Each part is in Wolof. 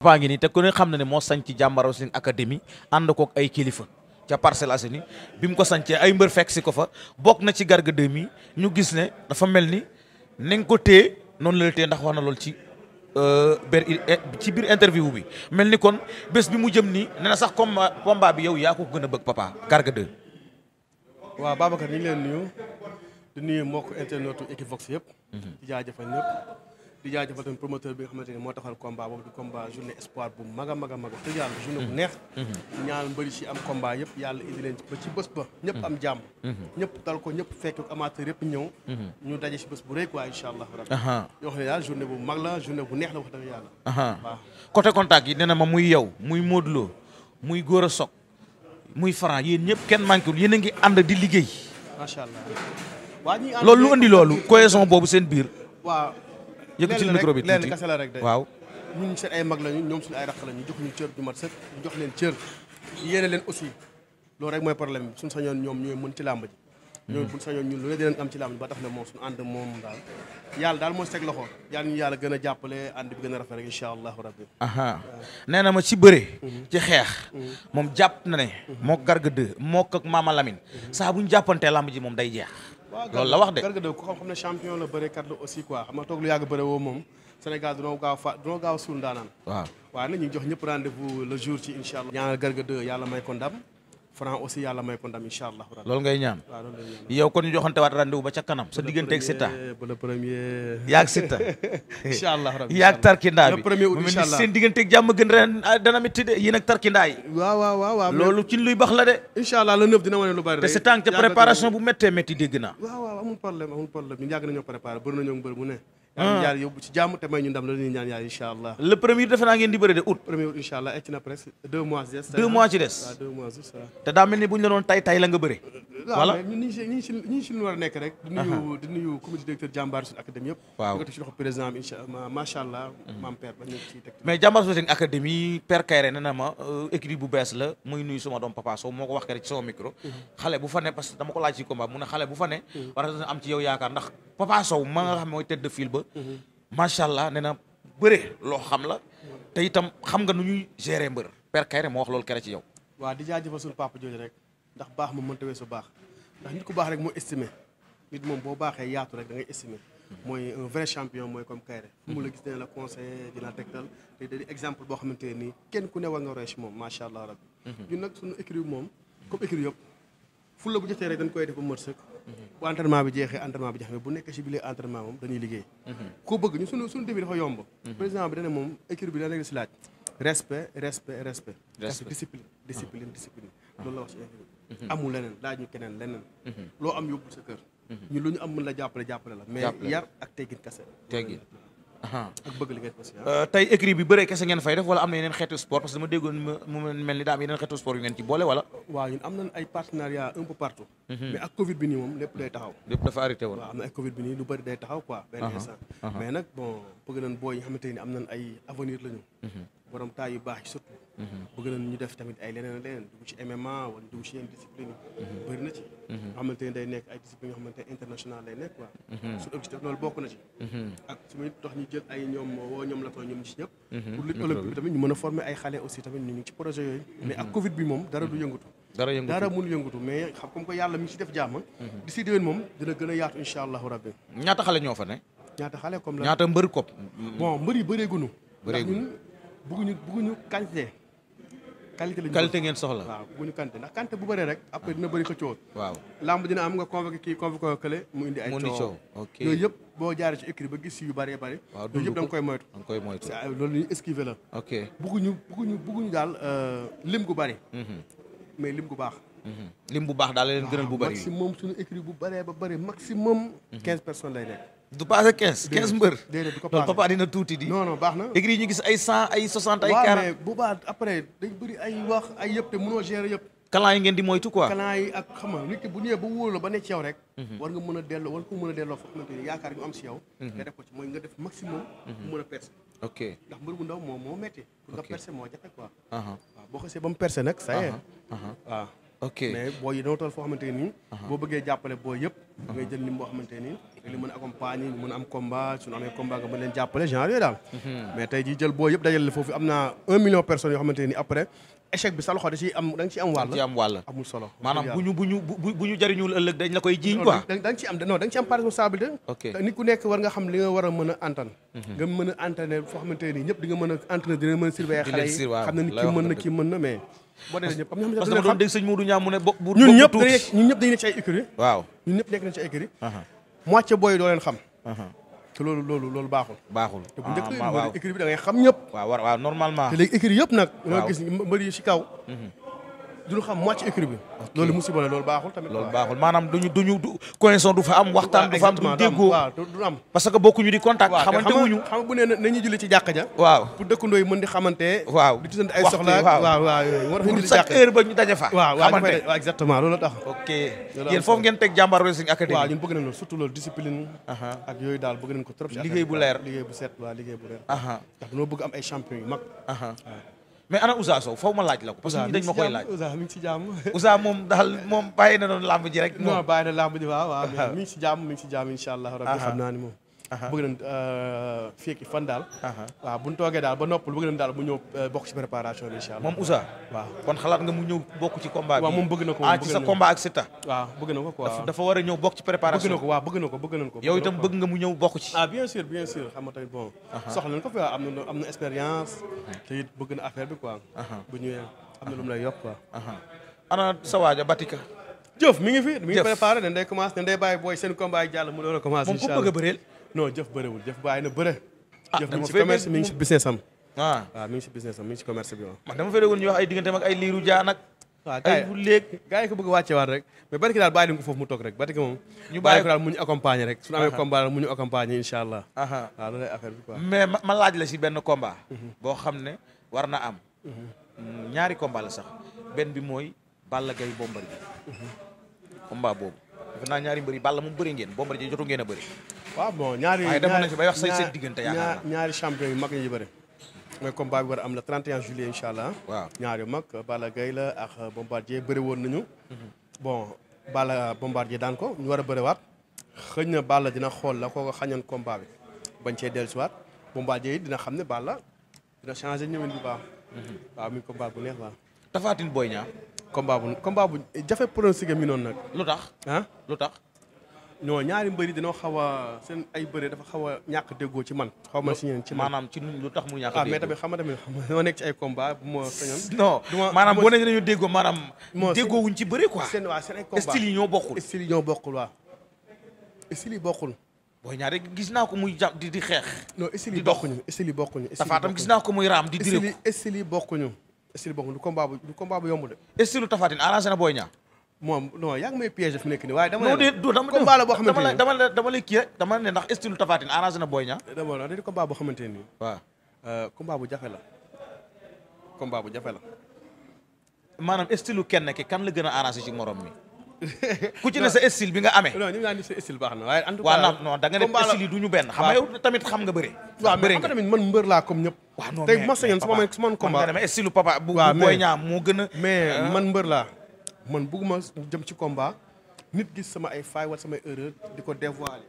papa ngi nii te ku ne xam na ne moo sañ ci Jàmbaar Wrestling Academy ànd kook ay kilifa ca Parcelles Assainies bi mu ko sañcee ay mbër fekk si ko fa bokk na ci Garga 2000 ñu gis ne dafa mel ni ni nga ko téye noonu la la ndax wax na lool ci euh, ber eh, ci biir interview bi mel ni kon bés bi mu jëm nii nee na sax combat combat bi yow yaa ko gën a bëgg papa Garga 2. waaw leen nuyu mbokk internetu Equivox yëpp. Mm-hmm. jaajëfal ñëpp. di jaajëfal tamit promoteur bi nga xamante ni moo taxal combat boobu di journée espoir bu mag a mag a mag te yàlla journée bu neex mm-hmm. ñaan mbëri si am combat yëpp yàlla indi leen ba ci bés ba mm-hmm. ñëpp am jàmm mm-hmm. ñëpp dal ko ñëpp fekk amateur yëpp ñëw ñu daje si bés bu rëy quoi incha allah rabbi yoo xam ne journée bu mag la journée bu neex la wax dëgg yàlla waaw côté contact yi nee ma muy yow muy Modou Lo muy Gora Sock muy Franc yéen ñëpp kenn manqué wul yéen a ngi di liggéey macha allah loolu lu andi loolu cohésion yëkkatil micro bi tuuti lenn kese la rek de waaw ñun seen ay mag lañu ñoom suñ ay raq lañu jox ñu cër du mat sëkk jox leen cër yéene leen aussi loolu rek mooy problème bi suñu sañoon ñoom ñooy mën ci làmb ji hmm. ñoom buñ sañoon ñun loolu dinañ am ci làmb ji ba tax na moom suñu ànd moom daal yàlla daal moo teg loxo yàlla ñu yàlla gën a jàppale ànd bi gën a rafet rek incha allahu rabbi aha nee na ma ci bëre hmm. ci xeex hmm. moom jàpp na ne moo garga deux moo ak maama Lamine saa buñ jàppantee làmb ji moom day jeex loolu la wax de Garga 2 ku xam-xam ne champion la bëreekat la aussi quoi xam nga toog lu yàgg bëre woo moom Sénégal dunoo gaaw fa dunoo gaaw suul daanaan waaw waaye nag ñu jox ñëpp rendez-vous le jour ci incha allah ñaanal Garga yàlla may ko ndam Franc aussi yàlla may ko ndam incha allah. loolu ngay ñaan waaw loolu ngay ñaan yow kon ñu joxante waat rendez-vous ba ca kanam. sa diggante ak Siteu ba le premier yaag Siteu. incha allah rabi yaag Tarkinda bi le premier août incha gën ren ah, dana mi tëddee yéen ak loolu ci luy bax de. lu bari rek. te sa préparation bu méttee métti dégg naa. waaw waaw Ah. yàlla yóbbu ci jàmm la ñuy ñaan yàlla incha allah le premier defe naa ngeen di bëri de août premier mois ci des te daa bu ñu la doon tay tay la nga bëri mhm. mais jàmbaar suñu académie père Kayre nee na ma euh, équipe bu bees la muy nuyu sama doom papa Sow moo ko wax kere ci sama micro mhm. xale bu fa ne parce que ko laaj ci combat mu ne xale bu fa ne mhm. am ci yow yaakaar ndax Papa Sow ma nga xam mooy tête de file ba. Mhm. na bëre loo xam la. te itam xam nga nu ñuy gérer mbër. Père Kayre moo wax loolu kere ci yow. waaw di jaajëfal suñu papa jooju rek ndax baax ma mënta weesu baax ndax nit ku baax rek moo estimé nit moom boo baaxee yaatu rek da ngay estimé. mooy un mooy comme Kayre. fu mu la gis ne la conseiller di la exemple boo xamante ne nii kenn ku ne war nga roy moom macha allah rabbi mhm. ñun nag suñu écurie moom comme écurie yëpp fulla bu jotee rek dañ koy def ba bu entraînement bi jeexee entraînement bi jeexee bu nekk ci biir entraînement moom dañuy liggéey. ku bëgg ñu sunu sunu début dafa yomb. la si laaj. respect respect respect. respect discipline discipline discipline. Ah. loolu la wax mhm. mhm. mhm. jàppale jàppale la. mais yar ak teggin kese. Ah. Euh, tey écrit bi bëree kese ngeen fay def wala am na yeneen xeetu sport parce que dama déggoon mel ni daa am yeneen xeetu sport yu ngeen ci boole wala. waaw ñun am nañ ay partenariat un peu partout. Mhm. mais ak Covid bi nii moom lépp day taxaw. lépp dafa arrêté woon waaw am na benn uh-huh, instant uh-huh. mais nag bon bëgg nañ booy am nañ ay avenir lañu. Mhm. borom yu baax yi surtout. Mhm. bëgg ñu def tamit ay leneen leneen dugg ci MMA wala dugg ci yenn discipline yi. bëri na ci. nga xamante ni day nekk ay discipline yoo xamante ne international lay nekk quoi. suñu objectif loolu bokk na ci. ak suñuy tax ñu jël ay ñoom woo ñoom la ko ñoom ci ñëpp. ñu mën a former ay xale aussi tamit ñu ngi ci projet yooyu. mais ak Covid dara yëngutu dara mun yëngutu mais xam comme que yàlla mi si def jàmm. Mhm. di si déwén moom dina gën a yaatu incha allahu rabbi. ñaata xale ñoo fa ne. ñaata xale comme la ñaata mbër kopp. bon mbër yi bëreeguñu. bëreeguñu ndax ñun bëgguñu bëgguñu quantité. qualité lañu qualité ngeen soxla. waaw bëgguñu quantité ndax quantité bu bëree rek. après dina bëri ko coow. waaw lamb dina am nga convoqué kii convoqué kële mu indi ay coow yooyu yëpp boo jaaree ci écrit ba gis si yu bëree bëri. waaw dund yëpp da nga koy moytu. da nga koy moytu loolu ñu esquiver la. ok bëgguñu bëgguñu bëgguñu euh, lim gu bëri. Mhm. mais lim bu baax. Mm-hmm. lim bu baax daal la leen gënal bu bëri. maximum suñu écrit bu bëree ba bëri maximum. 15 mm-hmm. personnes lay nekk. du passé 15 15 mbër. déedéet du ko passé papa dina tuuti di. non non baax na écrit yi ñu gis ay 100 ay 60 ay. 40 waaw mais bu baax après dañ bëri ay wax ay yëpp te mënoo gérer yëpp. kalan yi ngeen di moytu quoi. kalan yi ak xam nga nit ki bu ñëwee ba wóolu la ba ne ci yow rek. Mm-hmm. war nga mën a delloo war nga ko mën a delloo foo xamante ni yaakaar ñu am si yow. nga def ko ci mooy nga def maximum. mën a percer. ok ndax mbër bu ndaw moom moo métti. pour nga percer moo jafe quoi. Uh-huh. boo xasee ba mu percé nag. ça y est uh-huh, uh-huh. waaw. ok mais booy yi dama toll foo xamante nii uh-huh. boo bëggee jàppale booy yëpp ngay jël lim boo xamante nii li mën a accompagner ñu mën a am combat suñu amee combat nga mën leen jàppale genre yooyu daal mm-hmm. mais tey jël booy yëpp dajale foofu am naa un million personnes yoo xamante après échec bi sa loxo da ciy am da ci am wàll bu ñu bu ëllëg dañ la koy jiiñ quoi. da nga am non da am par responsabilité. nit ku nekk war nga xam li nga war a mën a antan. Mhm. nga mën a antané foo xamante ne ñëpp di mën a antané dina mën a surveiller xale yi xam na ni kii mën na kii mën na mais. boo dee ñëpp am na parce que doon dégg sëñ Modou Niang mu ne bokk bu ñun ñëpp dañuy ñun ñëpp dañuy nekk ci ay écurie. waaw ñun ñëpp nekk nañ ci ay écurie. moitié booy doo leen xam te loolu loolu loolu baaxul. baaxul te bu njëkk ah, écrit bi da ngay xam ñëpp. waaw waaw normalement. te léegi yëpp nag. waaw nga gis mbër duñu xam wàcc écurie bi loolu musiba la loolu baaxul maanaam duñu duñu du cohésion du fa am waxtaan du fa am duñ déggoo du am parce que bokkuñu di contact xamante wuñu xam bu ne nañu julli ci jàkka ja waaw pour dëkkandoo yi mën di xamante waaw di tisante ay soxla waaw waaw war pour chaque heure ba ñu daje fa xamante ok yéen foofu ngeen teg jàmbaar wrestling académie daal bëgg nañ ko trop liggéey bu liggéey bu set waaw ndax dañoo bëgg am ay champion yu mag mais ana Ousa Sow faw ma laaj la ko. parce que ñi ma koy laaj Ousa mi ngi ci jàmm Ousa moom daal moom bàyyi na doon làmb ji rek. non bàyyi na làmb ji waaw waaw ah. mi ngi ci allah rabbi ah. naa ni moom. bëgg nañ euh, fii ak fan daal waaw bu ñu toogee daal ba noppal bëgg nañ daal mu ñëw euh, bokk ci préparation bi incha allah moom Ouza waaw kon xalaat nga mu ñëw bokk ci combat bi waaw moom bëgg na ko ah ci sa combat ak Siteu waaw bëgg na ko quoi dafa war a ñëw bokk ci préparation bëgg na ko waaw bëgg na ko bëgg nañ ko yow itam bëgg nga mu ñëw bokk ci ah bien sûr bien sûr xam nga tamit bon soxla nañ ko fi waaw am na am na expérience te it bëgg na affaire bi quoi bu ñëwee am na lu mu lay yokk quoi ana sa waaja Batika jëf mi ngi fi mi ngi préparé dañ day commencé dañ day bàyyi booy seen combat yi jàll mu doon a commencé moom ku bëgg a bëreel no jëf bëriwul jëf bàyyi na bëre. ah jëf mi ngi si commerce mi ngi si business am. ah waaw ah, mi ngi si business am mi ngi si commerce bi waaw. man dama fay ñu wax ay digganteem ak ay liiru jaan ak. Ah, waaw léeg gars yi ko bëgg a wàcceewaat rek mais Barke daal bàyyi ko mu toog rek Barke moom. ñu bàyyi ko daal mu ñu accompagner rek. suñu amee combat mu ñu accompagner incha allah. Ah, mais ma laaj la si benn combat. Mhm. boo xam ne war na am. Mhm. ñaari combat la sax benn bi mooy Balla Gaye Bombardier mhm. combat boobu def naa ñaari mbëri Balla moom bëri ngeen Bombardier jotu ngeen a bëri. waaw bon ñaari waaye demoon na ci bay wax say seen diggante yaakaar naa ñaari champion yu mag yi bëri. mooy combat am la 31 juillet incha allah. waaw ñaar yu mag Balla Gaye la ak Bombardier bëri woon nañu. bon Balla Bombardier daan ko ñu war a bëriwaat. xëñ na Balla dina xool la koo xañan combat bi bañ cee del dellusiwaat Bombardier dina xam ne Balla dina changé ñëwén mhm. bu baax. combat bu combat bu jafe pronostiqué mi noonu nag. lu tax ah lu tax. non ñaari mbëri danoo xaw a seen ay bëre dafa xaw a ñàkk déggoo ci man. xaw ma si ñeen ci man maanaam ci lu tax mu ñàkk déggoo ah mais tamit xam nga tamit nekk ay combat bu ma sañoon. non maanaam boo nee nañu déggoo maanaam. déggoo wuñ ci bëre ko seen waa seen ay combat style yi ñoo bokkul. style yi ñoo bokkul waaw. style yi bokkul. booy ñaare gis naa ko muy jàpp di di xeex. non style yi bokkuñu style yi bokkuñu. tafaatam gis naa ko muy raam di dire ko style boobu du combat bu du combat bu yomb de. style Tapha Tine arrangé na Boy Niang. moom non yaa ngi may piège fi nekk nii waaye dama ne combat la boo xamante ni dama dama lay kii rek dama ne ndax style Tapha Tine arrangé na Boy Niang. dama ne dañu combat boo xamante nii. waaw euh, combat bu jafe la. combat bu jafe la. maanaam style kenn ki kan la gën a arrangé ci morom mi. ku ci ne sa style bi nga amee. non ñu naan ni sa style baax na waaye en tout cas. waaw non da nga ñu benn. xam nga yow nga bëre. waaw mais xam nga tamit man mbër laa comme ñëpp. waaw non mais tey ma sañoon su ma su ma combat. man style papa bu ñaa moo gën a. mais ah. man mbër laa man bugguma jëm ci combat nit gis sama ay faay wala samay di ko dévoiler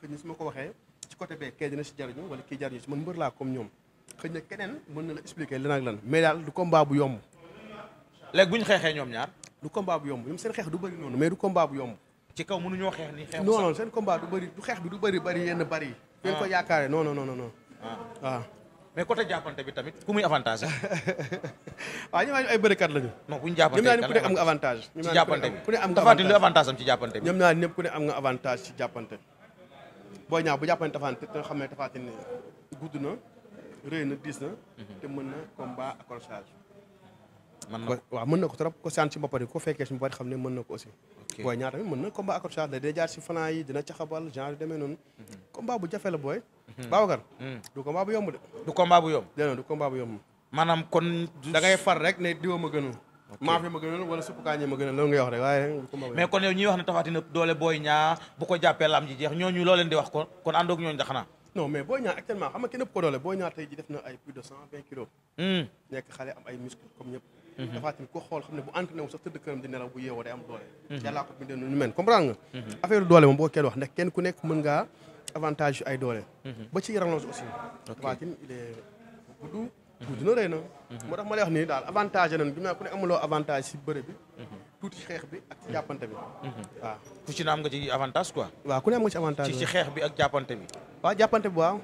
xëy na su ma ko waxee ci côté bee kee dina si jariñu wala kii jariñu si man mbër laa comme ñoom xëy na keneen mën na la lan ak lan mais daal du combat bu yomb léegi bu ñu xeexee ñoom ñaar du combat bu yomb ñoom seen xeex du bëri noonu mais du combat bu yomb. ci kaw mënuñoo xeex ni xeex non non seen combat du bëri du xeex bi du bëri bëri yenn bëri yi. ngeen ah. yaakaare non non non non. Ah. Ah. mais côté jàppante bi tamit ku muy avantage. waaw ñoom ay bërëkat lañu. non ku ñu jàppante ñoom ñaar ñëpp ku nga avantage. ci jàppante bi ku ne am nga avantage dafa avantage am ci jàppante bi. ñoom ñaar ñëpp ku ne am nga avantage ci jàppante. boo ñaaw bu jàppante tafante te xam ne tafante ne gudd na rëy na diis na mhm. te mën na combat accrochage waaw mën na ko trop ko saan si mbapat yi ko fekkee si mbapat xam ne mën na ko aussi mën na mhm. mhm. Mhm. ma gënul maa fi ma gënal wala suppu kaañe ko actuellement xam nga kenn ëpp ko doole Boy Niang tey def na ay plus de cent vingt kilos hmm. nekk xale am ay muscle comme ñëpp Tapha Tine ko xool xam ne bu entraîné wu sax tëdd këram di nelaw bu yeewoo day am doole mm-hmm. yàllaa ko bindee noonu mel comprendre nga mm-hmm. affaire doole moom boo kenn wax ndax kenn ku nekk mën ngaa avantage ay doole mm-hmm. ba ci yaramloos aussi Tapha Tine il na rëy na moo tax ma lay wax nii daal avantage nañu bi naa ku ne amuloo avantage si bëre tuuti ci xeex bi ak ci jàppante bi. Mhm. waaw ku ci na am nga ci avantage quoi. waaw ku ne am nga ci avantage ci xeex bi ak jàppante bi. waaw jàppante bi waaw.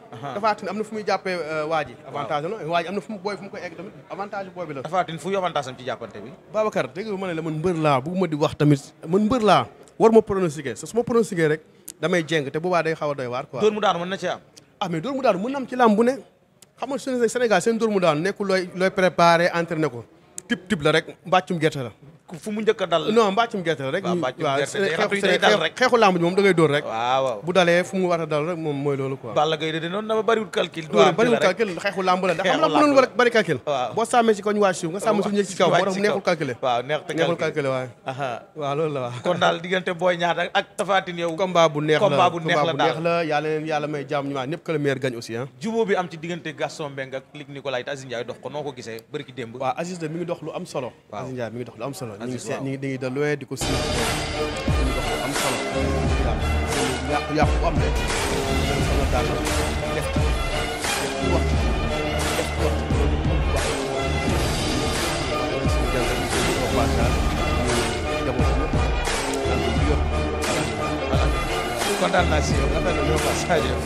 dégg ma ne la man mbër laa bu di wax tamit man mbër laa war ma pronostiquer su ma pronostiquer rek damay jéng te boobaa day xaw a doy waar quoi. dóor daanu mën na cee am. ah mais mu daanu mën na ah, ci làmb bu ne xam nga suñu Sénégal seen dóor mu daanu nekkul looy looy préparé entraîné ko tip tip la rek mbàccum gerte la fu mu njëkk a dal. non mbàccum gerte la rek. xeexu làmb ji moom dangay dóor rek. bu dalee fu mu war a dal rek moom mooy loolu quoi. Balla bu neex la combat bu neex la may jàmm ñu waa ñëpp aussi ah. jubóo bi am ci diggante Gaston Mbengue ak Luc Nicolaï de mi ngi dox lu am solo. Aziz Ndiaye mi ngi dox lu am solo ñu ngi seet ñu ngi dañuy delluwee di ko si ñu dox am solo yàqu yàqu bu am rek dañ sama daata def def ci wax def ci wax wax suñu jàngal ñu ko ko partage ñu jamono ñëpp ak ñu yor kontaan naa si yow nga fay la ñoo passage